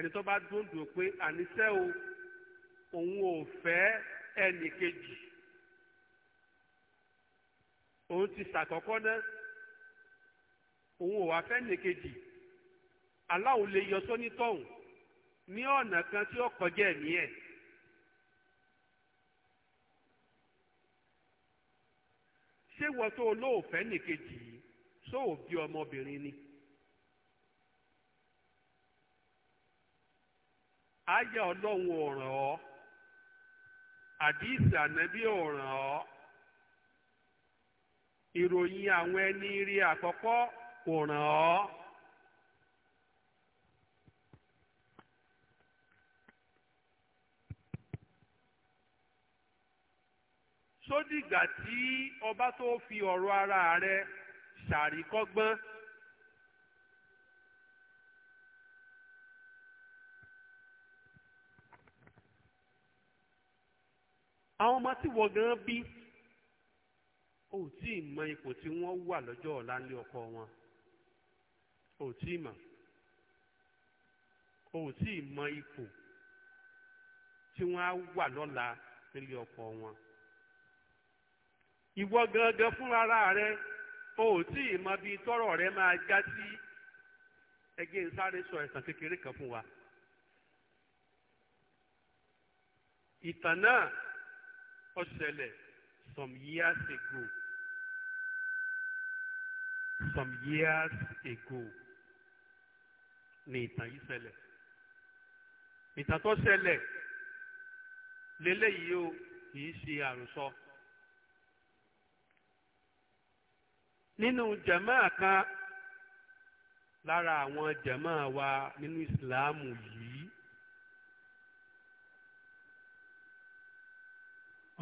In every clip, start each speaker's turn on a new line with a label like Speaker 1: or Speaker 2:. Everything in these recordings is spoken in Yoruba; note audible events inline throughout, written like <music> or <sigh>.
Speaker 1: ẹni tó bá dúndùn pé àníṣe o òun ò fẹ́ ẹnì kejì òun ti ṣàkọ́kọ́ náà òun ò wá fẹ́ ẹnì kejì aláwo lè yọ sónítọ̀hún ní ọ̀nà kan tí ó kọjá ẹ̀mí ẹ̀. ṣé wọ́n tó olóòfẹ́ nìkejì yìí sóò bí ọmọbìnrin ni. So, ayé ọlọ́run ò ràn ọ́ àdìsí ànábì ò ràn ọ́ ìròyìn àwọn ẹni rí àkọ́kọ́ kò ràn ọ́. sódìgbà tí ọba tó fi ọ̀rọ̀ ara rẹ̀ ṣàríkọ́gbọ́n. àwọn ọmọ tí wọ́n gan bí ò tí ì mọ ipò tí wọ́n wà lọ́jọ́ ọ̀la ńlé ọkọ wọn ò tí ì mọ̀ ò tí ì mọ ipò tí wọ́n á wà lọ́la nílé ọkọ wọn ìwọ gangan fúnra rẹ o ò tí ì mọ bí tọ́rọ̀ rẹ máa já sí ẹgbẹ́ nsáré sọ ẹ̀sán kékeré kan fún wa ìtàn náà ó some years ago some years ago ni ìtàn yìí ṣẹlẹ̀ ìtàn tó ṣẹlẹ̀ lélẹ́yìí o kì í ṣe àròsọ. nínú jàmáà kan lára àwọn jàmáà wa nínú ìsìláàmù yìí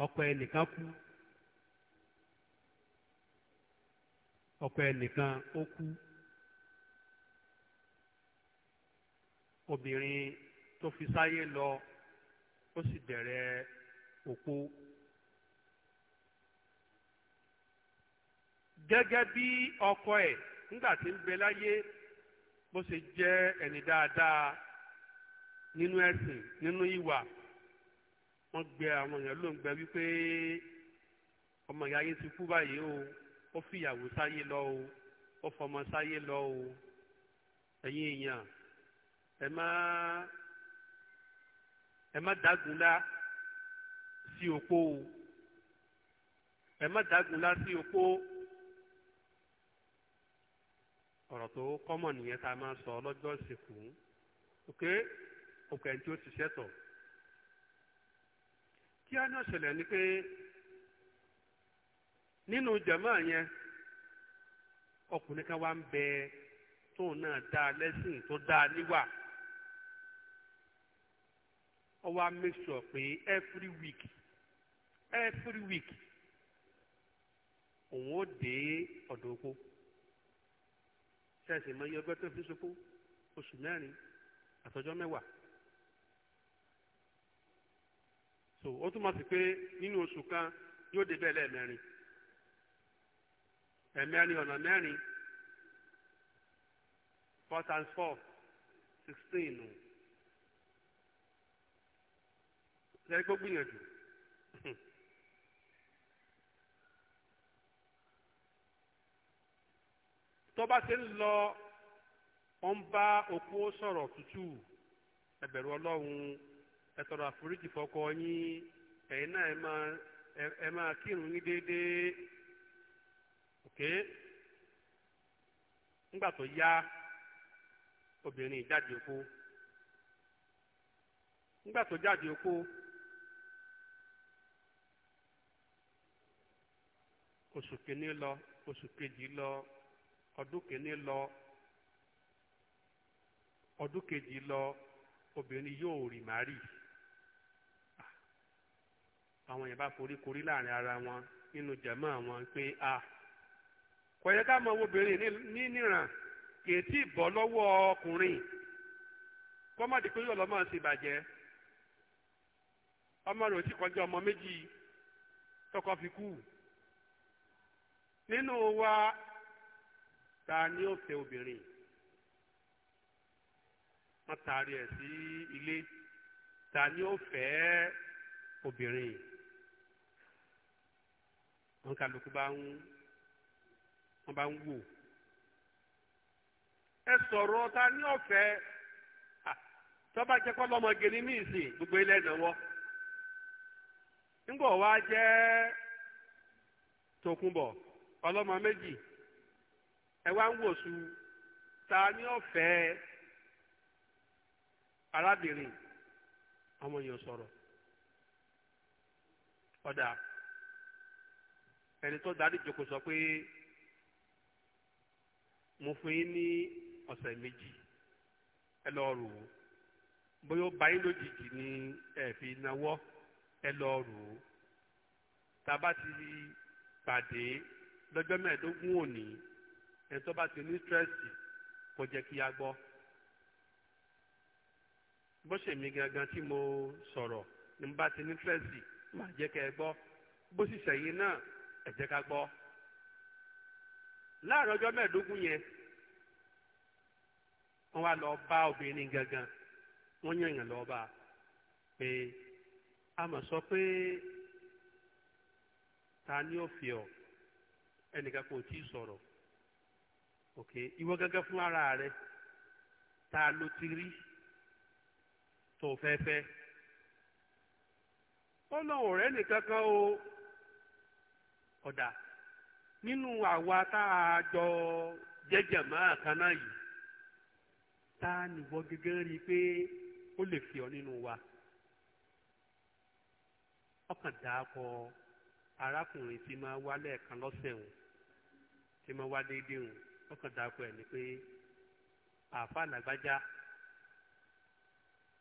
Speaker 1: ọkọ ẹnìkan kú ọkọ ẹnìkan ó kú obìnrin tó fi sáyé lọ ó sì bẹ̀rẹ̀ òpó. gẹ́gẹ́ bí ọkọ ẹ̀ nígbà tí ń bẹ láyé bó ṣe jẹ́ ẹni dáadáa nínú ẹ̀sìn nínú ìwà wọ́n gbé àwọn èèyàn ló ń gbẹ wípé ọmọ ìyá yín ti kú báyìí o ó fìyàwó sáyé lọ o ó fọmọ sáyé lọ o ẹ̀yin èèyàn ẹ má ẹ má dágunlá sí opó o ẹ má dágunlá sí opó ọ̀rọ̀ tó kọ́mọ̀ nìyẹn tá a máa sọ lọ́jọ́ ìsìnkú òkè òkè tí ó ti ṣẹ́tọ̀. kí á náà ọ̀ṣẹ̀lẹ̀ ni pé nínú jàmáà yẹn ọkùnrin kan wá ń bẹ tóun náà dáa lẹ́sìn tó dáa níwà ó wá pé every week every week òun ó dé ọ̀dọ̀ oko mọ iye ọgbẹ́ so ó túmọ̀ sí pé nínú oṣù kan yóò débẹ̀ lẹ́ẹ̀mẹrin ẹ̀mẹrin ọ̀nà mẹ́rin four times four sixteen nù lẹ́yìn kó gbìyànjú <laughs> tó bá ti ń lọ ó ń bá òkú sọ̀rọ̀ tútù ẹ̀bẹ̀rù ọlọ́run. ẹ tọrọ àforíjì fọ́kọ yín ẹ̀yin náà ẹ máa ẹ máa kírun yín déédéé ok nígbà tó yá obìnrin ìjáde oko nígbà tó jáde òkú oṣù kìíní lọ oṣù kejì lọ ọdún kìíní lọ ọdún kejì lọ obìnrin yóò àwọn èèyàn bá forí korí láàrin ara wọn nínú jẹ̀mọ́ àwọn pé a kọ̀yẹ́ ká mọ obìnrin ní níran kèétí bọ́ lọ́wọ́ ọkùnrin kọ́mọ̀dé pé yóò lọ́mọ sí ìbàjẹ́ ọmọ rẹ̀ ò tí kọjá ọmọ méjì tọkọ fi kú nínú wa ta ni ó fẹ́ obìnrin wọ́n taari ẹ̀ sí ilé ta ni ó fẹ́ obìnrin. wọn kálukú bá ń wọn bá ń wò ẹ sọ̀rọ̀ ta ní ọ̀fẹ́ tọ́ba jẹ́ kọ́ lọ́mọge ní gbogbo ilé ìnáwó ńgbọ̀ wá jẹ́ tòkunbọ̀ ọlọ́mọ méjì ẹ wá ń wòsù ta ní ọ̀fẹ́ arábìnrin ọmọ yẹn sọ̀rọ̀ ẹni tó darí ìjókòó sọ pé mo fún yín ní ọ̀sẹ̀ méjì ẹ lọ rò ó bóyá ó bá yín lójijì ni ẹ fi náwó ẹ lọ rò ó tá a bá ti pàdé lọ́jọ́ mẹ́ẹ̀ẹ́dógún òní ẹni tó bá ti ní strẹ́sì kó jẹ́ kí a gbọ́ bó ṣe mo sọ̀rọ̀ bá ti ní máa jẹ́ kẹ́ ẹ ẹ jẹ́ ká gbọ́ láàrin ọjọ́ mẹ́ẹ̀ẹ́dógún yẹn wọ́n wá lọ bá obìnrin gangan wọ́n yàn yàn lọ bá pé a mọ̀ sọ pé ta ni ó fi ọ ẹnìkan kò tí ì sọ̀rọ̀ ok ìwọ gẹ́gẹ́ fún ara rẹ ta ló ti rí tó fẹ́fẹ́ ó lóun ọ̀rẹ́ nìkan kan o. ọ̀dà nínú àwa tá a jọ jẹ́jẹ̀ máa kan náà yìí tá a nìwọ gẹ́gẹ́ rí i pé ó lè fi ọ nínú wa ọkàn dàákọ arákùnrin tí máa wá lẹ́ẹ̀kan lọ́sẹ̀ òun tí máa wá déédéé òun ọkàn dàákọ ẹ̀ ni pé àáfàá làgbájá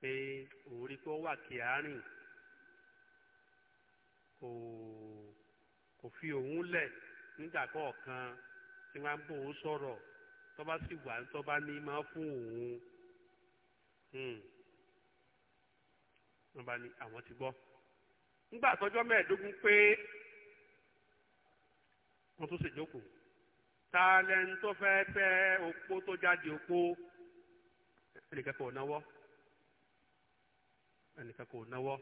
Speaker 1: pé òun rí i pé ó wà kí àárín kò. kò fi òun lẹ̀ nígbà kọ̀ọ̀kan tí wọ́n á bò ó sọ̀rọ̀ tó sì wà tó bá ní máa fún òun hmm. wọ́n bá àwọn ti gbọ́ nígbà mẹ́ẹ̀ẹ́dógún pé wọ́n tún ta lẹni tó fẹ́ fẹ́ opó tó jáde opó ẹnìkan kò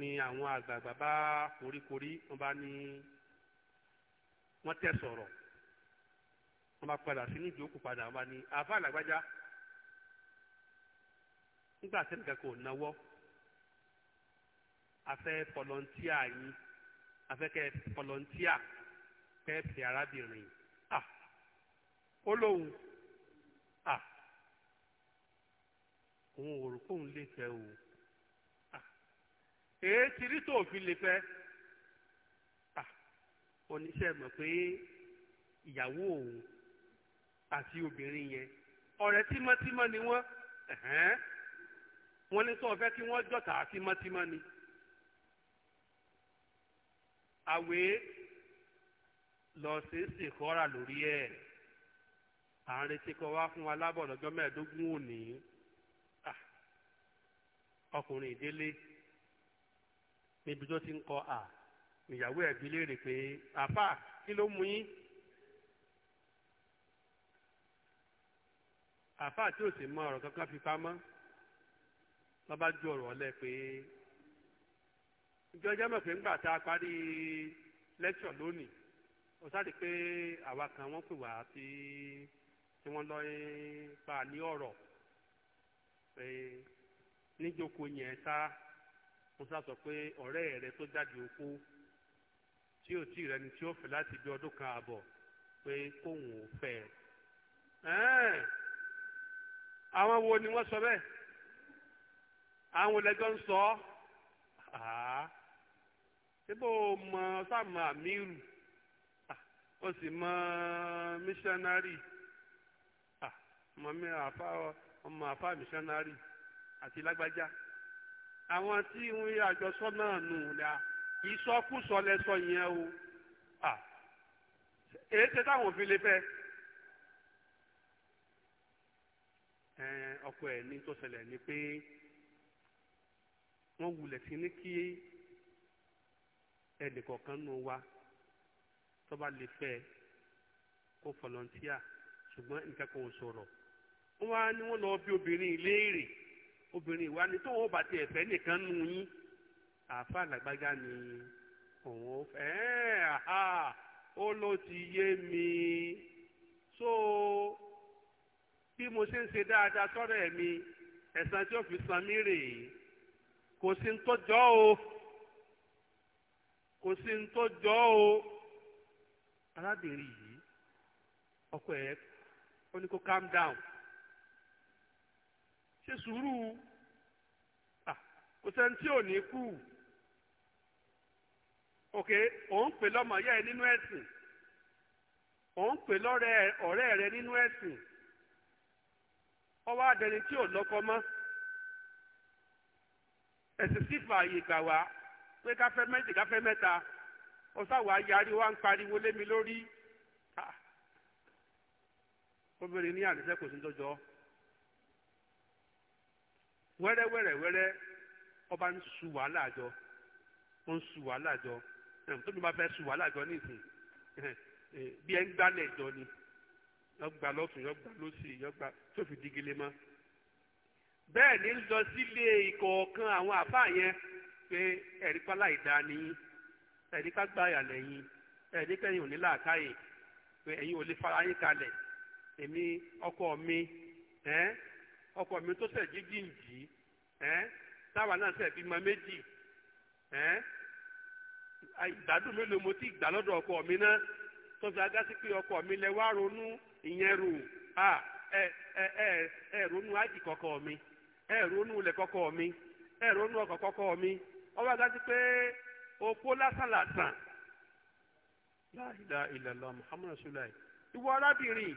Speaker 1: ni àwọn àgbààgbà bá koríkorí wọ́n bá ní wọ́n tẹ̀ sọ̀rọ̀ wọ́n bá padà sínú ìjókòó padà wọ́n bá ní àbá làgbájá nígbà tí nǹkan kò náwó afẹ́ fọlọ́ntíà yín afẹ́ kẹ́ fọlọ́ntíà kẹ́ pè arábìnrin ah ó lóun ah òun ò rò pé òun lè fẹ́ òun èé ti rí tó fi lè fẹ́ oníṣẹ́ mọ̀ pé ìyàwó òun àti obìnrin yẹn ọ̀rẹ́ tímọ́tímọ́ ni wọ́n wọ́n ní sọ fẹ́ kí wọ́n jọ̀tà tímọ́tímọ́ ni. àwẹ̀ lọ sí ìsìnkọ́ra lórí ẹ̀ à ń retí kọ́ wá fún wa lábọ̀ lọ́jọ́ mẹ́ẹ̀ẹ́dógún òní ọkùnrin ìdílé níbi tó ti ń kọ à ìyàwó ẹ̀bí léèrè pé àfà kí ló mú yín àfà tí ò sì mọ ọ̀rọ̀ kankan fi pamọ́ lọ́ba ju ọ̀rọ̀ ọ̀lẹ́ pé ìjọ jẹ́ mọ̀ pé ńgbà tá a parí lẹ́kṣọ̀ lónìí ó sáré pé àwa kan wọ́n pè wá sí tí wọ́n lọ pa ní ọ̀rọ̀ pé níjókòó yẹn sáà mo sá sọ pé ọ̀rẹ́ rẹ tó jáde okó tí ò tí rẹ ni tí ó fẹ́ láti bí ọdún kan àbọ̀ pé kóun ò fẹ́ ẹ̀ àwọn wo ni wọ́n sọ bẹ́ẹ̀ àwọn olẹ́jọ́ ń sọ ọ́ síbò mọ sáàmù àmírù ó sì mọ mísánárì ọmọ àfa mísánárì àti lágbájá àwọn tí ń àjọsọ náà nù la ìsọkúsọ lẹsọ yẹn o èyí ṣe táwọn òfin lè fẹ́ ọkọ ẹ̀ ní tó ṣẹlẹ̀ ni pé wọ́n wulẹ̀ sí ní kí ẹnìkọ̀ọ̀kan nù wa tó bá lè fẹ́ kó volunteer ṣùgbọ́n nǹkan kan ò sọ̀rọ̀ wọ́n wá ní wọ́n lọ bí obìnrin léèrè. obìnrin ìwà ni tóun ọba ti fẹ́ nìkan nù yín làgbájá ni òun ò fẹ́ àhà ó ló ti yé mi so bí mo ṣe ń ṣe dáadáa sọ́rọ̀ ẹ̀ mi tí ó fi san mí rèé kò sí ń tó o kò sí ń tó jọ́ o arábìnrin yìí ọkọ ó ní kó calm down. ṣe sùúrù kò sẹ́ni tí ò ní kú òkè òun pè lọ́mọ yẹ́ ẹ nínú ẹ̀sìn òun pè lọ́rẹ́ ọ̀rẹ́ rẹ nínú ẹ̀sìn ọwọ́ adẹni tí ò lọ́kọ mọ́ ẹ̀sìn sì fààyè gbà wá pé káfẹ́ méjì káfẹ́ mẹ́ta ọ̀sáwọ̀ ayarí wa ń pariwo lémi lórí obìnrin ní àdìsẹ́ kò sí dọ́jọ́. wẹ́rẹ́wẹ́rẹ́wẹ́rẹ́ ọba ń su wàhálà àjọ ó ń su wàhálà àjọ tóbi bá fẹ́ su wàhálà àjọ nísìn bí ẹ ń gbálẹ̀ jọ ni yọ gba lọ́tún yọ gba lọ́sì yọ gba tó fi digile mọ́ bẹ́ẹ̀ ni ń lọ sílé ìkọ̀ọ̀kan àwọn àbá yẹn pé ẹ̀rí pálá ìdání ẹ̀rí kágbá ìyàlẹ́yìn ẹ̀rí kẹ́yìn ò ní làákàyè pé ẹ̀yin ò lè fara yín kalẹ̀ èmi ọkọ mi ẹ́ ọkọ mi tó ṣẹ̀ jíjìnjì ẹ́ táwa náà ṣẹ̀ ma méjì ẹ́ ìgbádùn mélòó mo ti ọkọ mi náà tó fi agá sí ọkọ mi lẹ wá ronú ìyẹn rò ẹ ẹ ẹ ronú kọkọ mi ẹ ronú ilẹ̀ mi ẹ ronú ọkọ̀ mi ọwọ́ agá sí pé opó lásán láìda ìwọ arábìnrin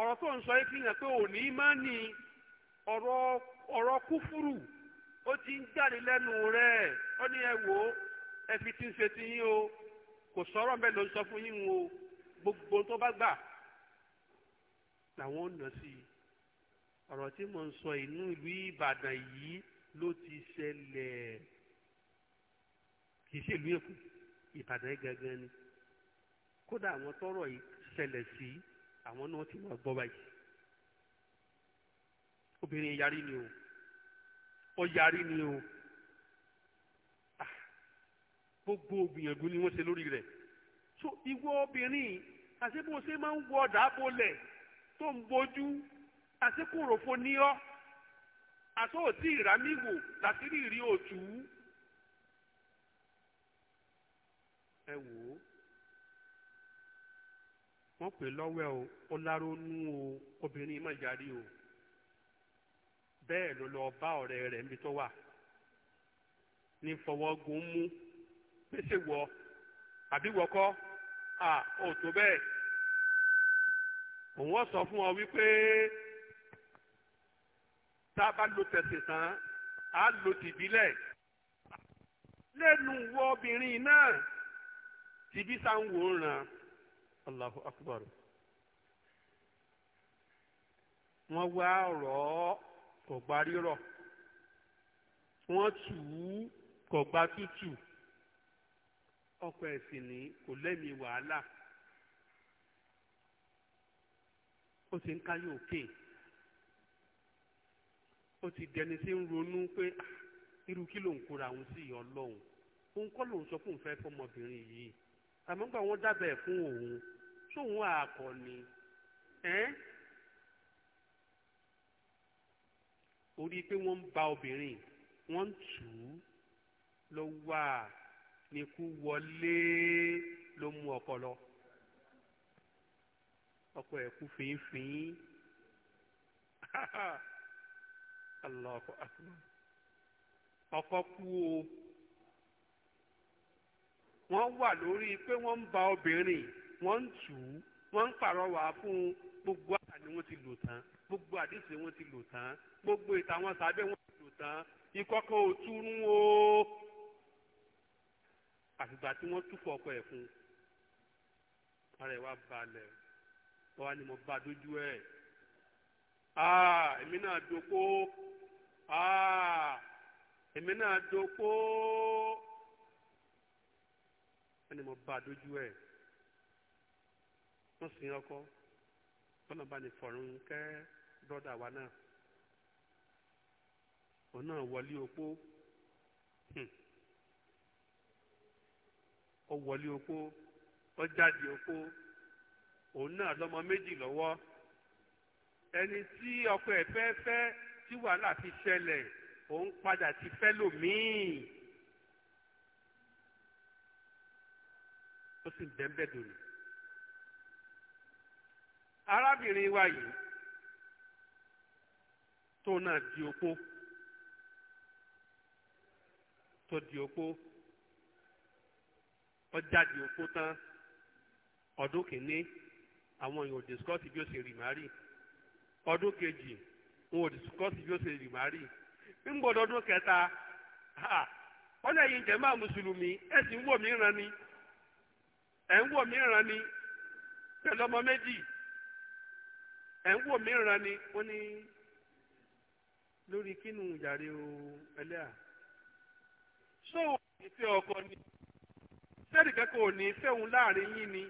Speaker 1: ọ̀rọ̀ tó ń sọ yìí fi hàn pé òní máa ní ọ̀rọ̀ ọ̀rọ̀ kúfúrù ó ti ń jáde lẹ́nu rẹ̀ ó ní ẹ wò ó ẹ fi ti ń ṣe ti yín o kò sọ̀rọ̀ bẹ́ẹ̀ ló ń sọ fún yín o gbogbo tó bá gbà làwọn ò nà sí i ọ̀rọ̀ tí mo ń sọ inú ìlú Ìbàdàn yìí ló ti ṣẹlẹ̀ kì í ṣèlú Èkó Ìbàdàn gangan ni kódà àwọn tọ́rọ̀ yìí sí i àwọn náà ti máa gbọ́ báyìí obìnrin yarí ni o ó yarí ni o ah, gbogbo gbìyànjú ni wọ́n ṣe lórí rẹ̀ so ìwọ obìnrin àti bó ṣe máa ń wọ ọ̀dà bolẹ̀ tó ń bojú àti kòròfo ní ọ́ àti òtí ìrámìwò láti rí ìrí òtún ẹ wò ó wọ́n pè lọ́wẹ́ o ó láronú o obìnrin má yarí o bẹ́ẹ̀ ló lọ bá ọ̀rẹ́ rẹ̀ níbi tó wà ní fọwọ́gun mú pèsè wọ àbí wọkọ́ à ò tó bẹ́ẹ̀ òun ó sọ fún ọ wípé tá a bá lo tẹ̀sìn tán á lo tìbílẹ̀ lẹ́nu wọ obìnrin náà tìbí sáà ń wò ó ràn án. Allahu akbar wọ́n wá rọ̀ ọ́ kò gba rírọ̀ wọ́n tù ú kò gba tútù ọkọ̀ ẹ̀sìn ní kò lẹ́mìí wàhálà ó ti ń káyọ̀ òkè ó ti dẹni tí ń ronú pé ah, irú kí ló ń kóra òun sí ìyọ́ lọ́hùn òun kọ́ lòun sọ pé òun fẹ́ fọmọbìnrin yìí àmọ́ gbà wọ́n dábàá ẹ̀ fún òun sóun àkọ́ ni ẹ́ orí pé wọ́n ń ba obìnrin wọ́n ń tù ú ló wà ní wọlé ló mú ọkọ lọ ọkọ ẹ̀ kú fínfín <laughs> ọkọ kú o wọ́n wà lórí pé wọ́n ń ba obìnrin wọ́n ń tù ú wọ́n ń pàrọwà fún gbogbo àṣà ni wọ́n ti lò tán gbogbo àdìsí wọn ti lò tán gbogbo ìta wọn sábẹ́ wọn ti lò tán ìkọ̀kọ̀ ò túrún o àtìgbà tí wọ́n túfọ̀ ọkọ ẹ̀ fún ara ẹ̀ wá balẹ̀ ọwọ́ ni mo bá dójú ẹ̀ èmi náà dopó èmi náà dopó bá a dójú ẹ̀ wọ́n sin ọkọ wọ́n bá ní fọ̀rùn kẹ́ brọ́dà wa náà òun náà wọlé opó hmm. ó wọlé opó ó jáde opó òun náà lọ́mọ méjì lọ́wọ́ ẹni tí ọkọ ẹ̀ fẹ́ fẹ́ tí wàhálà fi ṣẹlẹ̀ òun padà ti fẹ́ lòmíì. ó sì bẹ́ẹ̀ dòní. arábìnrin wa yìí tó náà di opó tó di opó ọjà di opó tán ọdún kìíní àwọn èèyàn ò dìskọ́sì bí ó ṣe rìmárì ọdún kejì wọn ò dìskọ́sì bí ó ṣe rìmárì ń gbọ́dọ̀ ọdún kẹta ọ̀nà yìí jẹ́ máa mùsùlùmí ẹ̀sìn wò mí ràn ni. ẹ̀ ń ni pẹ̀lú ọmọ méjì ẹ̀ ń ni wọ́n ní lórí kínú ìjàre o ẹlẹ́à ṣó o ọkọ ni sẹ́ẹ̀dì kẹ́kọ̀ọ́ ò ní fẹ́ òun yín ni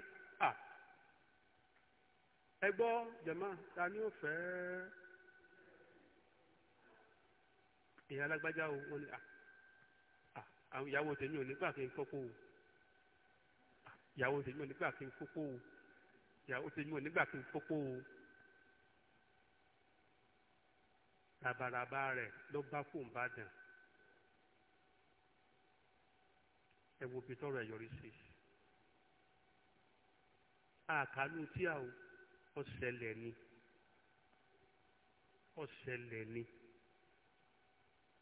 Speaker 1: ẹ gbọ́ jẹ̀mọ́ ta ni ó fẹ́ ìyá alágbájá o wọ́n ní àwọn ìyàwó tèmi ò ní o. ìyàwó tèmi ò nígbà kí n fópó o ìyàwó tèmi ò nígbà kí n fópó o rabaraba rẹ̀ ló bá fóun bá dàn ẹ wo bí tọrọ ẹ yọrí sí àkànú tí a ò ọ̀sẹ̀lẹ̀ ni ọ̀sẹ̀lẹ̀ ni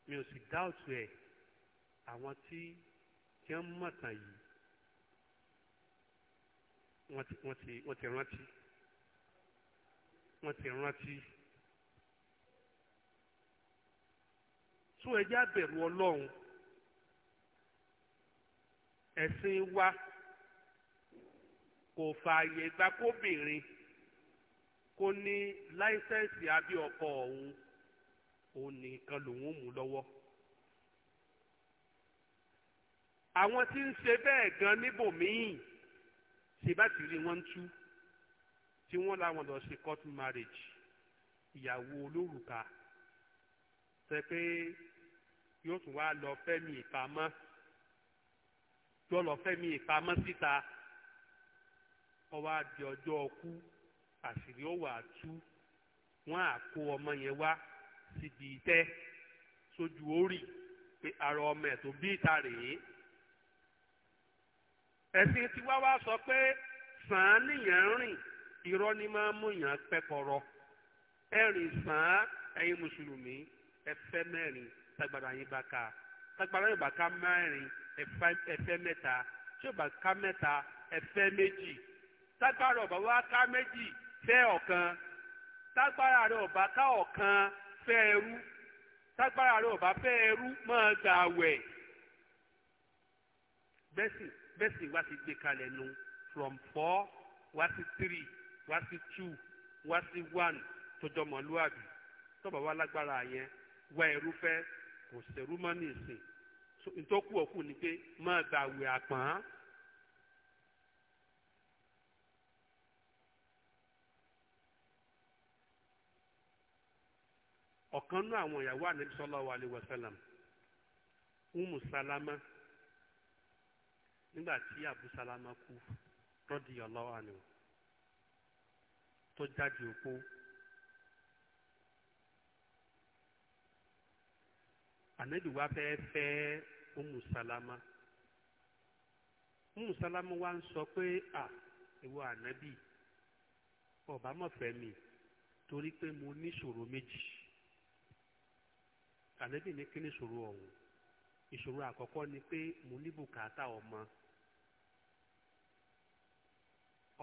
Speaker 1: mi ò sì dáòtù ẹ̀ àwọn tí tí wọ́n mọ̀tàn yìí wọ́n ti rántí wọ́n ti rántí. tún ẹjẹ́ àbẹ̀rù ọlọ́run ẹ̀sìn wa kò fààyè gba kóbìnrin kó ní láísẹ̀nsì abẹ́ ọkọ òun òun nìkan lòun mú lọ́wọ́. àwọn tí ń ṣe bẹ́ẹ̀ gan níbòmíì tí bá ti rí wọn tú tí wọ́n láwọn lọ ṣe court marriage ìyàwó olórùka ṣe pé yóò tún wá lọ fẹ́mi ìpamọ́ yóò lọ fẹ́mi ìpamọ́ síta ọwọ́ àdì ọjọ́ ọkú àṣírí ọwọ́ àtú wọ́n á kó ọmọ yẹn wá síbi ìtẹ́ sójú orí pé ara ọmọ ẹ̀ tó bí ìta rèé ẹ̀sìn tiwa wá sọ pé sàn án nìyẹn rìn irọ́ ni máa mú yàn pẹ́kọ̀rọ̀ ẹ̀rìn sàn án ẹ̀yin mùsùlùmí ẹ̀fẹ́ mẹ́rin tagbara yín bá ká tagbara yín bá ká mẹ́rin ẹ̀fẹ́ mẹ́ta tí ó bá ká mẹ́ta ẹ̀fẹ́ méjì tagbara ọ̀bà wá ká méjì fẹ́ ọ̀kan tagbara rẹ̀ ọ̀bà ká ọ̀kan fẹ́ ẹrú tagbara rẹ̀ ọ̀bà fẹ́ ẹrú máa gbà wẹ̀ bẹ́sìn bẹ́ẹ̀ sì wá sí gbé kalẹ̀ nu from four wá sí three wá sí two wá sí one tọjọ́ mọ̀lúàbí tọ́ba wa lágbára yẹn wá irúfẹ́ kò sẹ́rú mọ́ ní ìsìn ntọ́kù ọ̀kù ni pé máa gba àwẹ̀ àpọ́n. ọ̀kan náà àwọn ìyàwó ànábì sallallahu alaihi wasallam Umu Salama. nígbà abusalama Abu Salama kú radiyallahu anhu tó jáde òpó. ànábì wa fẹ́ fẹ́ Umu Salama Umu Salama wa ń sọ pé a ìwọ anabi ọba mọ̀fẹ́ mi torí pé mo ní ìṣòro méjì anabi ní kí ni ìṣòro ọ̀hún ìṣòro àkọ́kọ́ ni pé mo ní bùkátà ọmọ.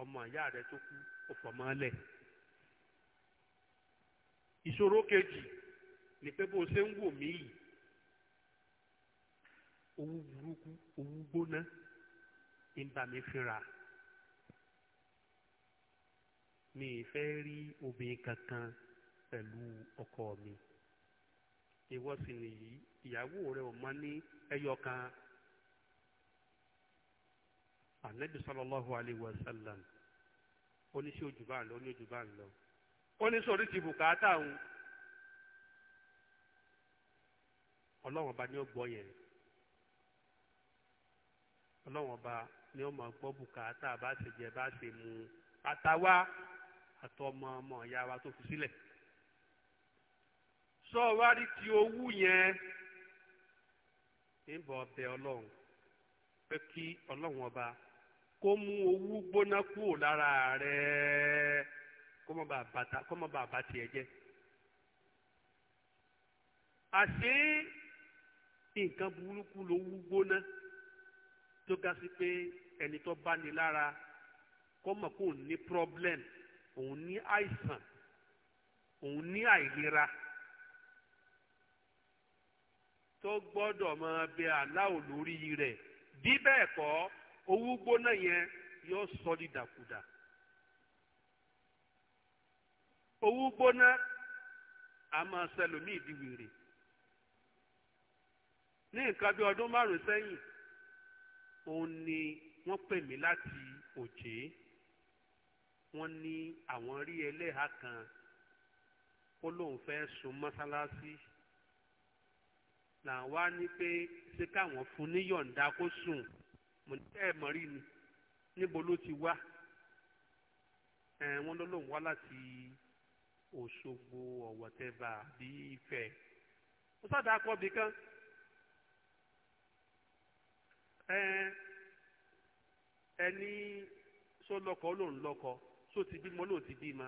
Speaker 1: ọmọ ìyá rẹ tó kú ó fọmọ lẹ ìṣòro kejì ni pé bó ṣe ń wò mí yìí owó burúkú owó gbóná ń bà mí fínra mi ì fẹ́ rí obìnrin kankan pẹ̀lú ọkọ mi ìwọ sì nìyí ìyàwó rẹ ò mọ ní ẹyọ kan ànábì sallallahu alayhi wa sallam oníṣẹ́ ojú bá ń lọ oníṣẹ́ ojú bá ń lọ oníṣẹ́ orí ti bùkátà ń ọlọ́run ọba ni ó gbọ́ yẹn ọlọ́run ọba ni ó máa gbọ́ bùkátà bá ṣe jẹ bá ṣe mu àtàwa àtọmọ ìyá wa tó fi sílẹ̀ sọ wá rí ti owú yẹn níbọ̀ ọbẹ̀ ọlọ́run pé kí ọlọ́run ọba kó mú owú gbóná kúrò lára rẹ̀ kó má bàa bàtà kó má bàa bàtì ẹ̀ jẹ́. àṣé nǹkan burúkú lowú gbóná tó ga sí pé ẹni tó bá ní lára kó mọ̀ kó ní problem òun ní àìsàn òun ní àìlera tó gbọ́dọ̀ máa bẹ aláwò lórí rẹ̀ bí bẹ́ẹ̀ kọ́ owó gbóná yẹn yóò sọ di dàkúdà owó gbóná a máa ṣẹlòmíì di wèrè ní nǹkan bí ọdún márùn sẹ́yìn òun ni wọ́n pè mí láti òjé wọ́n ní àwọn rí ẹlẹ́hà kan ó lóun fẹ́ sun mọ́sálásí làwọn á ní pé ṣé káwọn fún níyọ̀ǹda kó sùn mo ní ẹ mọ̀ rí ni níbo ló ti wá ẹ wọ́n ló lóun wá láti Òṣogbo ọ̀wọ̀ tẹ́bà bí Ifẹ̀ ó sáà dáa kọ́ bìkan ẹ ẹni sọ lọ́kọ lòun lọ́kọ sọ ti bímọ lòun ti bímọ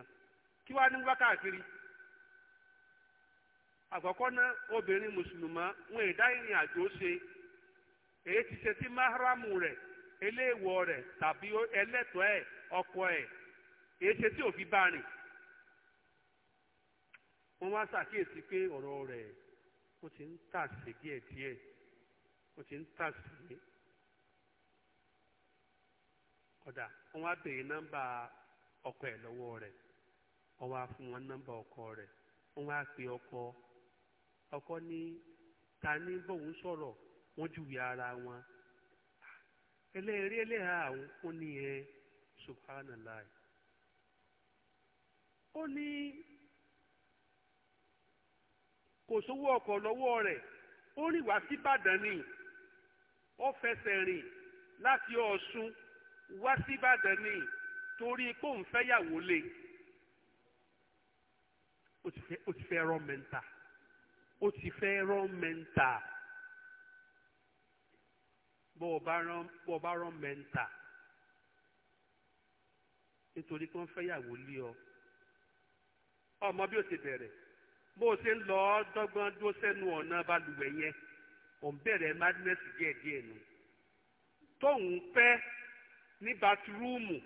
Speaker 1: kí wàá ní wákàkiri àkọ́kọ́ náà obìnrin mùsùlùmá wọn ì dá ìrìn àjò ṣe èyí tí ṣe tí máhàrámù rẹ̀ eléèwọ̀ rẹ̀ tàbí ẹlẹ́tọ̀ọ́ ẹ̀ ọkọ ẹ̀ èyí tí òfin bá rìn wọ́n wá ṣàkíyèsí pé ọrọ rẹ̀ ó ti ń tàsé díẹ̀díẹ̀ ó ti ń tàsé ọ̀dà wọ́n wá béèrè ọkọ ẹ̀ lọ́wọ́ rẹ̀ wọ́n wá fún wọn ọkọ rẹ̀ wọ́n wá ọkọ ọkọ ní ta ni bóun wọ́n júwe ara wọn ẹlẹ́rìí ẹlẹ́hà àwọn ó ní ẹ subhanallah ó ní kò sówó ọkọ̀ lọ́wọ́ rẹ̀ ó rìn wá síbàdàn ni ó fẹsẹ̀ rìn láti ọ̀ṣun wá síbàdàn ni torí pé òun fẹ́yàwó lé ó ti fẹ́ rán mẹ́ta ó ti fẹ́ rán mẹ́ta bó o bá rán bó o bá rán mẹ́ńtà nítorí pé wọ́n fẹ́ yàwó lé ọ ọmọ bí o ti bẹ̀rẹ̀ bó o ṣe ń lọ dọ́gbọ́n dúró sẹ́nu ọ̀nà balùwẹ̀ yẹn ò ń bẹ̀rẹ̀ madness díẹ̀díẹ̀ nù tóun pẹ́ ní bàtírúùmù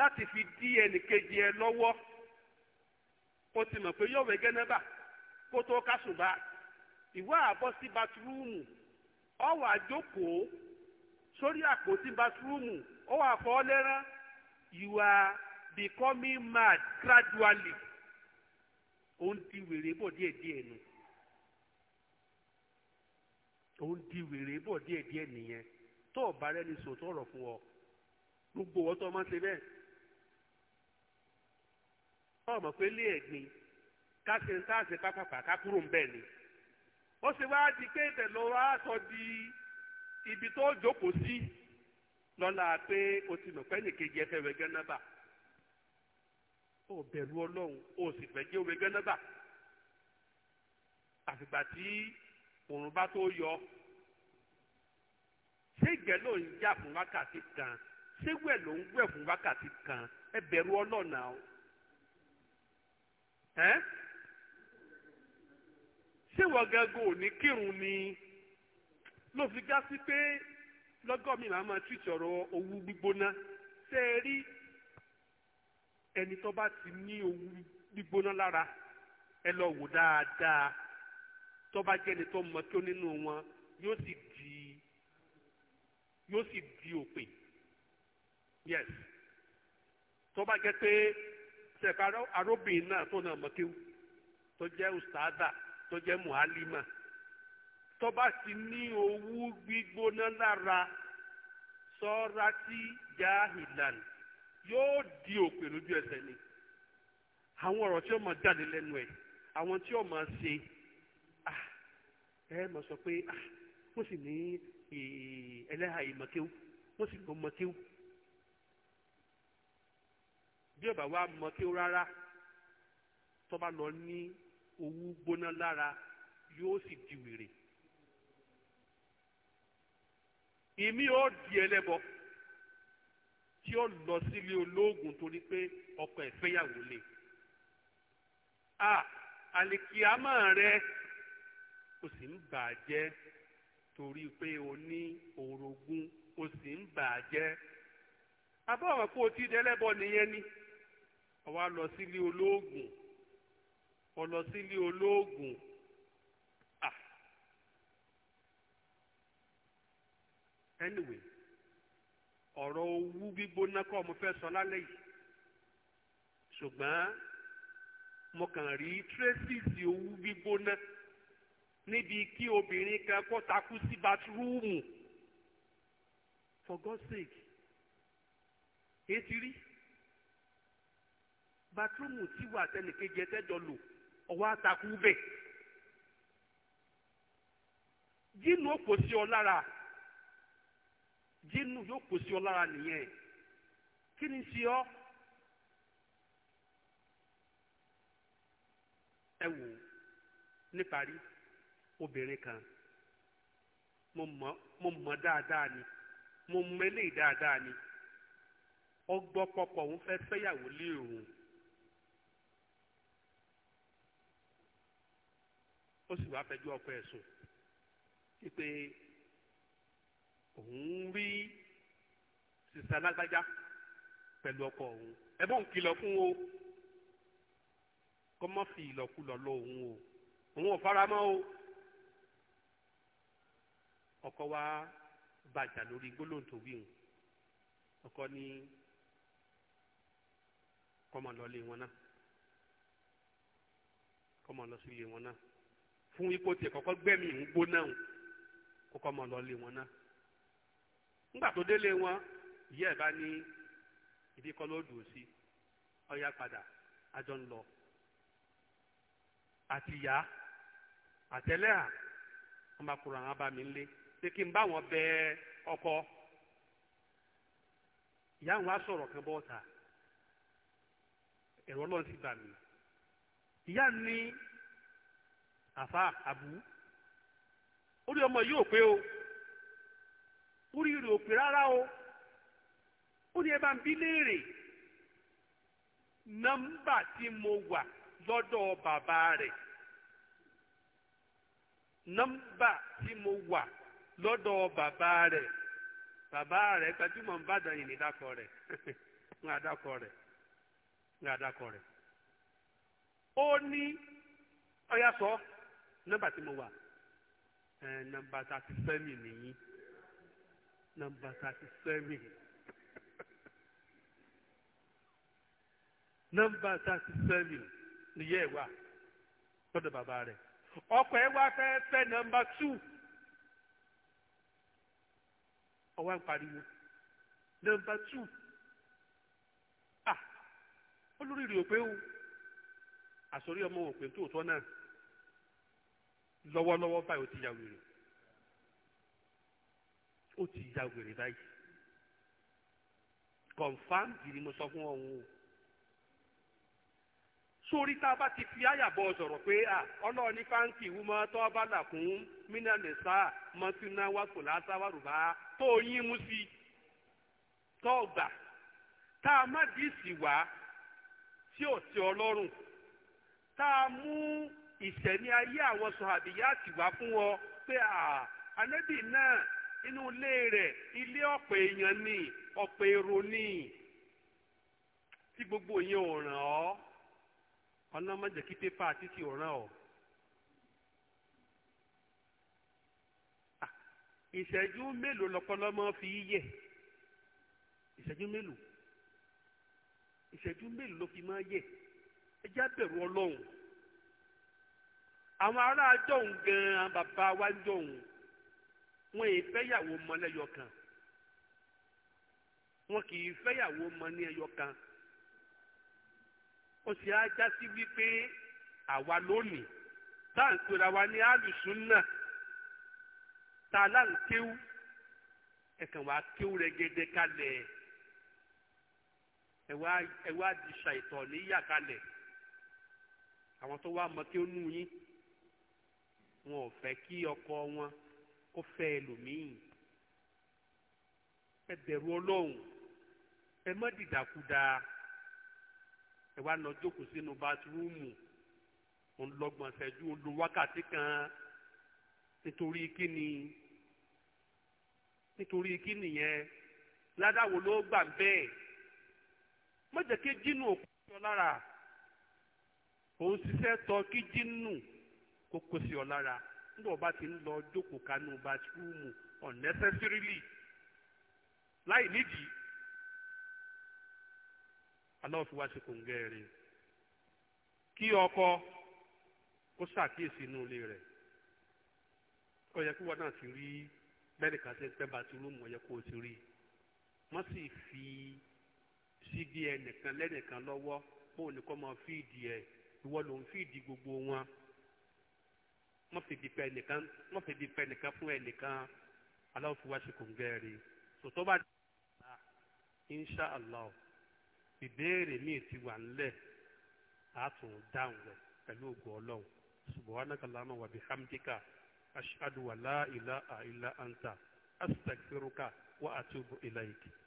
Speaker 1: láti fi dí ẹnìkejì ẹ lọ́wọ́ kó ti mọ̀ pé yóò wẹ̀ gẹ́nẹ́bà kó tó kásùn ìwọ àbọ̀ sí bàtírúùmù. ọ wà jókòó sórí àpótí báṣúrúmù ọ wà fọ́ lẹ́rán you are becoming mad gradually òun ti wèrè bọ̀ díẹ̀díẹ̀ òun wèrè bọ̀ nìyẹn tó ọ̀bá rẹ ni ọ̀rọ̀ fún ọ gbogbo ọ̀tọ́ máa ń ṣe bẹ́ẹ̀ ọmọ pé lé ẹ̀gbin ká ṣe ń tá pápápá ká ni. ó sì wá di pé ìtẹ̀lọ́ wa sọ di ibi tó jókòó sí lọ́la pé o ti mọ̀ pé nìkejì ẹ fẹ́ wẹ gẹ́nàbà ó bẹ̀rù ọlọ́run ó sì fẹ́ jẹ́ wẹ gẹ́nàbà àfìgbà tí òòrùn bá tó yọ ṣé ìgbẹ́ ló ń jà fún wákàtí kan ṣé wẹ̀ ló ń wẹ̀ fún wákàtí kan ẹ bẹ̀rù ọlọ́run náà ẹ́ ṣé wọ́n gẹ́gẹ́ ò ní kírun ni ló fi já sí pé lọ́gọ́ mi làá máa tìtì ọ̀rọ̀ owú gbígbóná ṣé ẹ rí ẹni tó bá ti ní owú gbígbóná lára ẹ lọ wò dáadáa tó bá jẹ́ni tó mọ tó nínú wọn yóò sì di yóò sì di òpè yes tó bá jẹ́ pé ṣẹ̀ka aróbìnrin náà tó náà mọ̀ kéwù tó jẹ́ ustaada tó jẹ́ muhalima tó bá ti ní owó gbígbóná lára sọ́ra tí jahilan yóò di òpè lójú ẹsẹ̀ ni àwọn ọ̀rọ̀ tí ó máa jáde lẹ́nu ẹ̀ àwọn tí ó máa ṣe ah, ẹ mọ̀ sọ pé wọ́n ah, sì ní ẹlẹ́hà ìmọ̀kéwù wọ́n sì lọ́ mọ̀kéwù bí ọ̀bà wa mọ̀kéwù rárá tó bá lọ ní owó gbóná lára yóò sì di wèrè ìmí ó di ẹlẹ́bọ tí ó lọ sílé olóògùn torí pé ọkọ ẹ̀ fẹ́yàwó lé a àlìkìámọ̀ rẹ o sì ń bà á jẹ́ torí pé o ní orogún o sì ń bà á jẹ́ abọ́ àwọn kó o ti dẹ́lẹ́bọ nìyẹn ni àwa lọ sílé olóògùn ó lọ sílé olóògùn ah anyway ọ̀rọ̀ owú gbígbóná kọ́ mo fẹ́ sọ lálẹ́ yìí ṣùgbọ́n mo kàn rí tírẹ́sìsì owú gbígbóná níbi kí obìnrin kan kó takú sí bathroomu for God's sake ètí rí bathroomu tí wà tẹnìkejì ẹtẹ́jọ lò ọwọ́ àtàkù bẹ̀. jínú ó kò sí ọ lára jínú yóò kò sí ọ lára nìyẹn kí ni sí ọ. ẹ wò ó níparí obìnrin kan mo mọ̀ mo mọ̀ dáadáa ni mo mọ̀ eléyìí dáadáa ni ọgbọ́n pọpọ̀ òun fẹ́ fẹ́yàwó lé òun. ó sì wáá fẹjọ́ ọkọ ẹ̀ sùn wípé òun rí sísá lágbájá pẹ̀lú ọkọ òun ẹ bóun kìlọ̀ fún o kọ́ mọ́ fi ìlọ̀kulọ̀ lọ òun o òun ò fara o ọkọ wa bàjà lórí gbólóhùn tó wí hùn ọkọ ní kọ́mọ lọ lé wọn náà kọ́mọ lọ wọn náà. fún ipò tiẹ̀ kọ́kọ́ gbẹ́mí ń gbóná hùn mọ̀ lọ lé wọn náà nígbà tó délé wọn ìyá ẹ̀ bá ní ibi kan ló dùn sí ọyá padà àjọ ń lọ àtìyá àtẹlẹ́hà wọn bá kúrò àwọn abàmì ńlé pé kí n bá wọn bẹ ọkọ ìyá wọn á sọ̀rọ̀ kan bọ́ ọ̀tà ẹ̀rọ ọlọ́run ti gbà mí ìyá ni. àfa abu orí ọmọ yìí ò pé o orí rẹ̀ ò pé rárá o ó ní ẹ bá ń bí léèrè tí mo wà lọ́dọ̀ bàbá rẹ̀ nọ́mbà tí mo wà lọ́dọ̀ bàbá rẹ̀ bàbá gbajúmọ̀ ń bàdàn yìí ní dákọ ń ń ó ní sọ. nọ́mbà tí mo wà nọ́mbà thirty seven nìyí nọ́mbà thirty seven nọ́mbà thirty seven nìyẹ ẹ wà lọ́dọ̀ bàbá rẹ̀ ọkọ ẹ wá fẹ́ fẹ́ nọ́mbà two ọwọ́ ń pariwo nọ́mbà two ah olórí rè ó pé o àsọrí ọmọ òpin tòótọ́ náà. lọwọlọwọ báyìí ó ti ya o ó ti ya wèrè confam jiri mo sọ fún ọ̀hún ti fi àyàbọ̀ sọ̀rọ̀ pé à ọlọ́run fáǹkì wúmọ́ tó bá là fún mínàlẹ́sà mọ́túnà wàkùnlá sáwárùbá tó yín mú sí tó gbà tá a má dìísì wá tí ò ti ìṣẹ̀mí ayé àwọn sọ̀hàbíyá ti wá fún wọn pé ànábì náà inú ilé rẹ̀ ilé ọ̀pọ̀ èèyàn ni ọ̀pọ̀ èrò ni tí gbogbo yẹn ò ràn ọ́ ọ̀nà má pépà títí ò ràn ọ́. ìṣẹ́jú mélòó lọ́pọ̀lọpọ̀ fi yẹ̀ ìṣẹ́jú mélòó ìṣẹ́jú mélòó ló fi máa yẹ̀ ẹ já bẹ̀rù ọlọ́run àwọn ará jọ̀hún gan-an bàbá wa jọ̀hún wọn èyí fẹ́yàwó mọ́ lẹ́yọ kan wọn kì í fẹ́yàwó mọ́ ní ẹyọ kan ó sì á já sí wípé àwa lónìí tá à ń pera wa ní alùsùn náà tá a láǹ kéwú ẹ̀kàn wá kéwú rẹ̀gẹ̀dẹ̀ kalẹ̀ ẹ̀ wá di ṣàìtọ̀ níyà kalẹ̀ àwọn tó wá mọ kí ó nù yín wọn ò fẹ́ kí ọkọ wọn kó fẹ́ ẹlòmíì ẹ bẹ̀rù ọlọ́run ẹ má dìdàkudà ẹ wá lọ jókòó sínú bátírúùmù òun lọ́gbọ̀n ṣẹ́jú ó lo wákàtí kan nítorí kí ni nítorí kí nìyẹn ládàwọ̀ ló gbà bẹ́ẹ̀ má jẹ́ kí jínú òkú sọ lára òun ṣiṣẹ́ tọ́ kí jínú. kó kó sí ọ lára nígbà ọba ti ń lọ jókòó kanú bàtírúmù unnecessarily láì nídìí kí ọkọ kó ṣàkíyèsí inú ilé rẹ̀ ó yẹ kí náà ti rí bẹ́ẹ̀ kan pẹ́ ó yẹ kó ti rí wọ́n sì fi síbi ẹnìkan lẹ́nìkan lọ́wọ́ bóun ni kò fi ẹ̀ ìwọ ló ń gbogbo wọn. wọ́n fi bípẹ́ nìkan wọ́n fi bípẹ́ nìkan fún ẹnìkan aláwọ̀ fi wá ṣe kò ń gẹ́rẹ́ sòtọ́ bá dé insha allah ìbéèrè míì ti wà ńlẹ̀ àtún dáhùn rẹ̀ pẹ̀lú ògùn ọlọ́run subhanaka allahumma wa bihamdika ashhadu wa la ilaha illa anta astaghfiruka wa atubu ilayk.